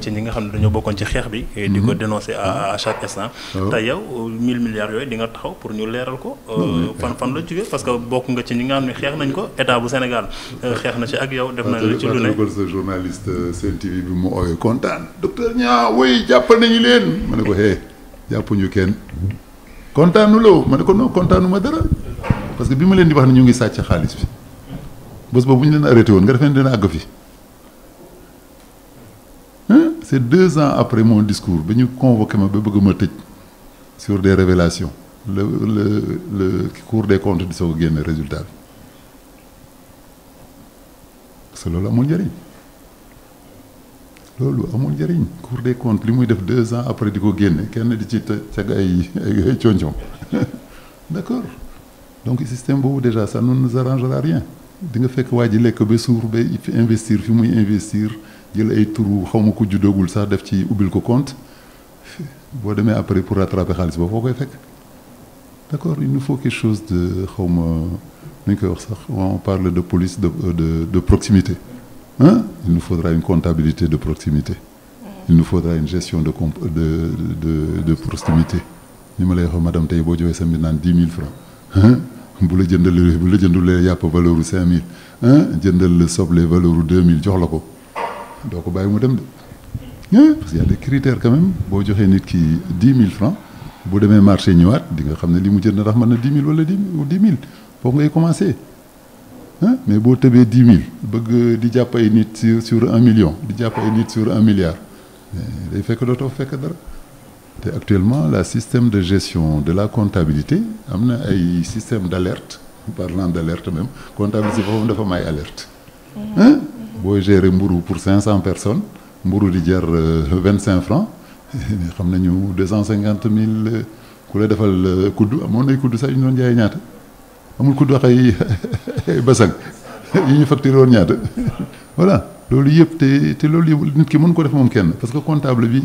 ci ñi nga xam ne dañoo bokkoon ci xeex bi. Mhm. di ko dénoncer à chaque instant. Oh. te yow 1000 milliards yooyu di nga taxaw pour ñu leeral ko. Euh, mhm. fan fan la jógee parce que bokk nga ci ñi nga xam ne xeex nañ ko état bu Sénégal euh, xeex na ci ak yow. def na la ci lu ne sa journaliste euh, Sen TV bi mu ooyee kontaan. docteur Niang woy jàpp nañu leen ma ne ko hey jàppuñu kenn kontaanu loo ma ne ko non kontaanu ma dara parce que bi ma leen di wax ne ñu ngi sàcc xaalis bi bés boobu bu ñu leen a woon nga defee ne dina fi. c' est deux ans après moo discours ba ñu convoqué ma ba bëgg ma tëj sur des révélations le le le cours des comptes di soog a génne résultat bi parce que loolu amul njëriñ loolu amul njëriñ cours de comptes li muy def deux ans après di ko génne kenn di ci te ay ay coñcoom d' donc système boobu déjà ça ne nous arrangera rien di nga fekk waa ji lekk ba suur ba investir fi muy investir. jël ay turu xaw ma ko juddoogul sax def ci ubbil ko compte boo demee après pour rattraper xaalis boo foo koy fekk d' accord il nous faut quelque chose de xaw ma nu ñu koy wax sax on parle de police de euh, de proximité hein il nous faudra une de proximité. il nous faudra une gestion de comp de de de proximité ni ma lay waxee madame tey boo joxee samedi naan dix mille francs bu la jëndalee bu la jëndalee yàpp valeur bu cinq mille jëndal soble valeur bu deux mille jox la ko. doo ko bàyyi mu dem de parce que y a des critères boo joxee nit ki dix mille francs bu demee marché ñëwaat di nga xam ne li mu jënd ndax mën na dix mille wala dix dix mille foofu ngay commencé mais boo tëbee dix mille bëgg di jàpp ay nit sur sur un million di jàpp ay sur un milliard day fekk dootoo fekk dara te actuellement la système de gestion de la comptabilité am na ay système d' alerte parlant d' alerte même comptabilité foofu dafa may alerte booy gérer mburu pour cinq cent personnes mburu di jar euh, vingt cinq francs xam nañu deux cent cinquante mille euh, ku la defal euh, kudd amoon nay kudd sax yu ñu doon jaayee ñaata amul kudd wax ay basang yi ñu facturé woon ñaata voilà loolu yëpp te te loolu yëpp nit ki mën ko def moom kenn parce que comptable bi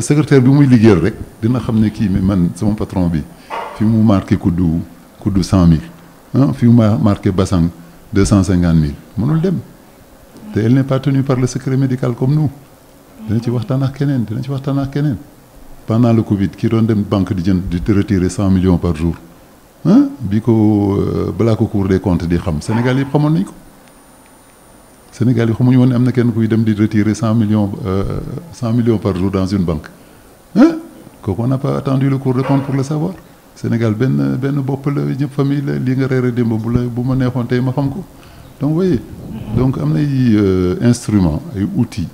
secrétaire bi muy liggéeyal rek dina xam ne kii mais man sama patron bi fi mu marqué kuddu kudd cent mille ah fi mu marqué basang deux cent cinquante mille mënul dem te elle n'est pas tenue par le secret médical comme nous dina ci waxtaan ak keneen dina ci waxtaan ak keneen pendant le Covid ki doon dem banque di jënd di retirer cent millions par jour ah bi ko euh, balaa ko Cour de comptes di xam Sénégal yëpp xamoon nañ ko Sénégal yi xamuñu woon ne am na kenn kuy dem di retirer cent millions euh, cent millions par jour dans une banque ah kooku on n'a pas attendu le Cour des comptes pour le savoir Sénégal benn benn bopp la ñëpp famille li nga reere démb bu la bu ma neexoon tey ma xam ko donc am nay euh, instrument ay outils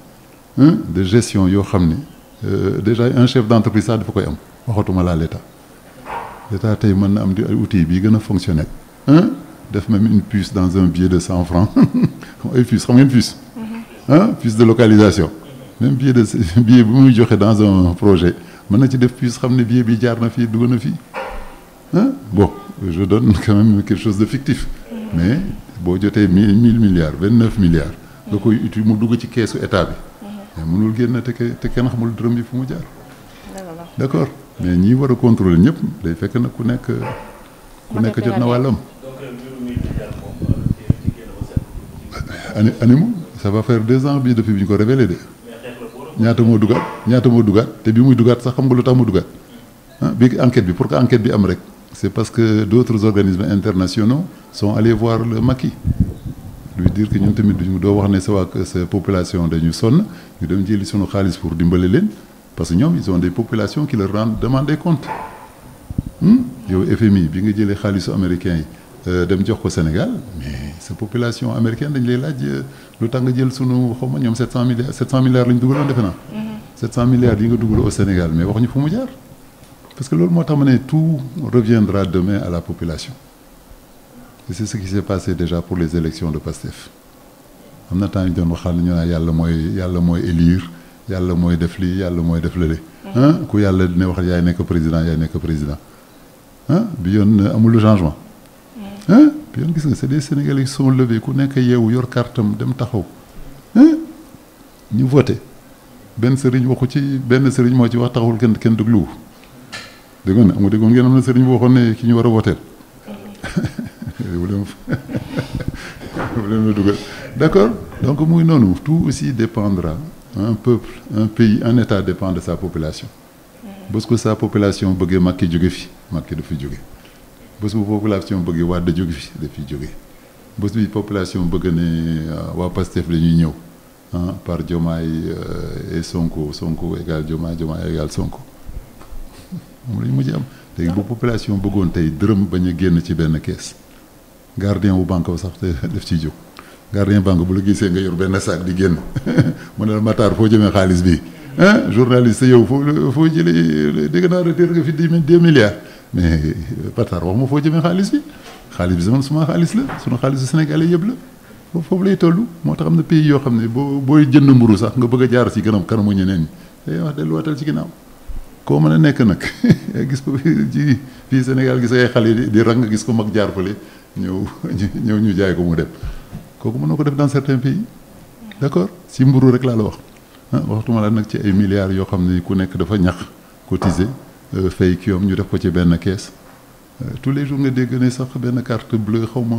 de gestion yoo xam ni euh, déjà un chef d'entreprise sax dafa koy am waxatuma laa l'état l'état tey mën na am di ay outils bii gën a fonctionnel def même une puce dans un billet de cent francs ay puce xam ngeen puce ah puce de localisation même billet de billet bu muy joxee dans un projet mën na ci def puce xam ne billet bi jaar na fii dugg na fii ah bon je donne quand chose de fictif mm-hmm. mais boo jotee mille mille milliards vingt neuf milliards. nga koy uti mu dugg ci keesu état bi. mais mënul génn te te kenn xamul dërëm bi fu mu jaar. d'accord mais ñi war a contrôler ñëpp day fekk nag ku nekk ku nekk jot na wàllam. donc animu ça va faire deux ans bii depuis bi ñu ko révélé de. ñaata moo dugaat ñaata moo dugaat te bi muy dugaat sax xam nga lu tax mu dugaat ah bi enquête bi pour que enquête bi am rek. c'est parce que d'autres organismes internationaux sont allés voir le Macky lui dire que ñun tamit ñu doo wax ne sa waa sa population dañu sonn ñu dem jëli sunu xaalis pour dimbale leen parce que ñoom ils ont des populations qui leur rendent demandent des comptes hmm? yow FMI bi nga jëlee xaalisu américain yi euh, dem jox ko Sénégal mais sa population américaine dañ lay laaj euh, lu tax nga jël sunu xaw ma ñoom 700 milliards 700 milliards la ñu defe naa. 700 mm-hmm. yi nga dugal au Sénégal mais wax ñu fu mu jaar. parce que loolu moo tax ma ne tout reviendra demain à la population et c'est ce qui s'est passé déjà pour les élections de Pastef am na temps ñu doon waxal ñu naan yàlla mooy yàlla mooy élire yàlla mooy def lii yàlla mooy def lële ku yàlla dina wax yaay nekk président yaay nekk président ah bi yoon amul le changement bi yoon gis nga c'est des Sénégalais qui sont ku nekk yeewu yor kartam dem taxaw ñu voté benn sëriñ waxu ci benn sëriñ moo ci wax taxawul kenn kenn dégluwu déggoon na am nga déggoon ngeen am na sëriñ bu waxoon ne ki ñu war a woteel bu leen donc muy noonu tout aussi dépendra un peuple un pays un état dépend de sa population mm. bés ko sa population bëggee Macky jóge fi Macky dafa jóge bés bu population bëggee Wade jóge fi dafiy jóge bés bi population bëgg ne euh, waa Pastef dañuy ñëw par Diomaye euh, et Sonko Sonko égal Diomaye Diomaye égal Sonko moom la ñu mujj am tey bu population bëggoon tey dërëm bañ a génn ci benn kees gardien bu banque ba sax te def ci jóg gardien banque bu la gisee nga yor benn saak di génn mu ne la Matar foo jëmee xaalis bi ah journaliste yow foo foo jëlee dégg naa reteer nga fi deux milliards mais euh, Matar wax ma foo jëmee xaalis bi xaalis bi sama suma xaalis la sunu xaalisu Sénégalais yëpp la. foofu lay toll moo tax am na pays yoo xam ne boo booy jënd mburu sax nga bëgg a jaar ci kanam kanamu ñeneen ñi day wax delluwaatal ci ginnaaw. koo mën a nekk nag gis ko ci fii Sénégal gis ay xale di di nga gis ko mag jaar fële ñëw ñëw ñu jaay ko mu dem kooku mën na ko def dans certains pays d'accord si mburu rek laa la wax ah, waxtuma la nag ci ay milliards yoo xam ne ku nekk dafa ñax cotiser euh, fay kii ñu def ko ci benn kees euh, tous les jours nga dégg ne sax benn carte bleue xaw ma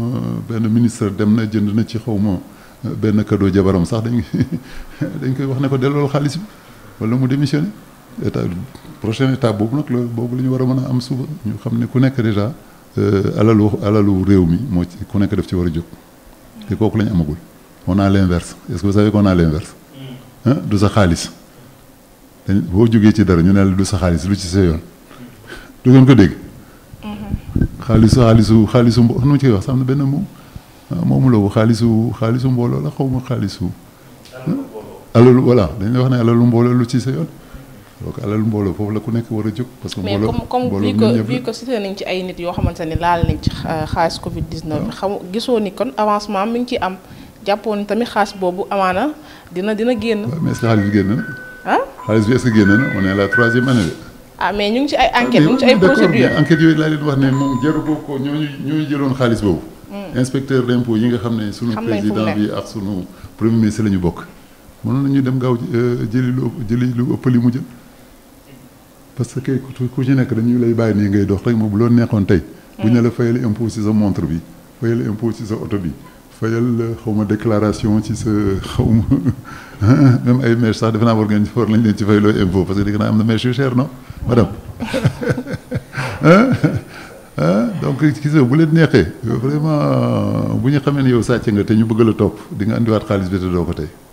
benn ministre dem na jënd na ci xaw ma euh, benn cadeau jabaram sax dañ dañ koy wax ne ko delloo xaalis bi wala mu démissionné état prochaine état boobu nag la boobu la ñu war a mën a am suba ñu xam ne ku nekk déjà euh, alalu alalu réew mi moo ci ku nekk def ci war a jóg te kooku la ñu amagul on a l'inverse est-ce que vous savez qu'on a mm. du sa xaalis dañ boo jógee ci dara ñu ne lu ci sa yoon du ngeen ko dégg mm-hmm. xaalisu xaalisu xaalisu mbo nu ci koy wax sax am na benn moom ah, moomu la xaalisu xaalisu mbooloo la xaw ma xaalisu alalu voilà dañ lay wax ne alalu mbooloo lu ci sa donc alal mbooloo foofu la ku nekk war a mais comme nit yoo xamante ne laal nañ ci xaalis Covid 19. waaw kon avancement mi ngi ciy am jàppoon ni tamit xaalis boobu amaana dina dina génn. waaw mais bi génn na. ah xaalis bi est ce que troisième année de. Ah, mais ñu ngi ci ay enquêtes ah, ñu ngi ci ay procédures mais enquêtes yooyu laa leen wax ne moom jaru boobu ko ñooñu ñooñu jëloon xaalis boobu. Hmm. inspecteur d'impôt yi nga xam ne. sunu président bi ak sunu premier ministre la ñu bokk mënoon nañu dem gaaw euh, jëli lu jëli lu ëpp li mu jël parce que ku ci nekk dañuy lay bàyyi nii ngay dox rek moom bu loo neexoon tey. bu ñu la mm. fayal impôt ci sa montre bi fayal impôt ci sa oto bi fayal euh, xaw ma déclaration ci sa xaw ma même ay mèche sax defe naa war ngeen for lañ leen ci fay looy impôt parce que dégg naa am na mèche yu cher non madame donc gis nga bu leen neexee vraiment bu ñu xamee ni yow sàcc nga te ñu bëgg la topp di nga andiwaat xaalis bi te doo ko tey.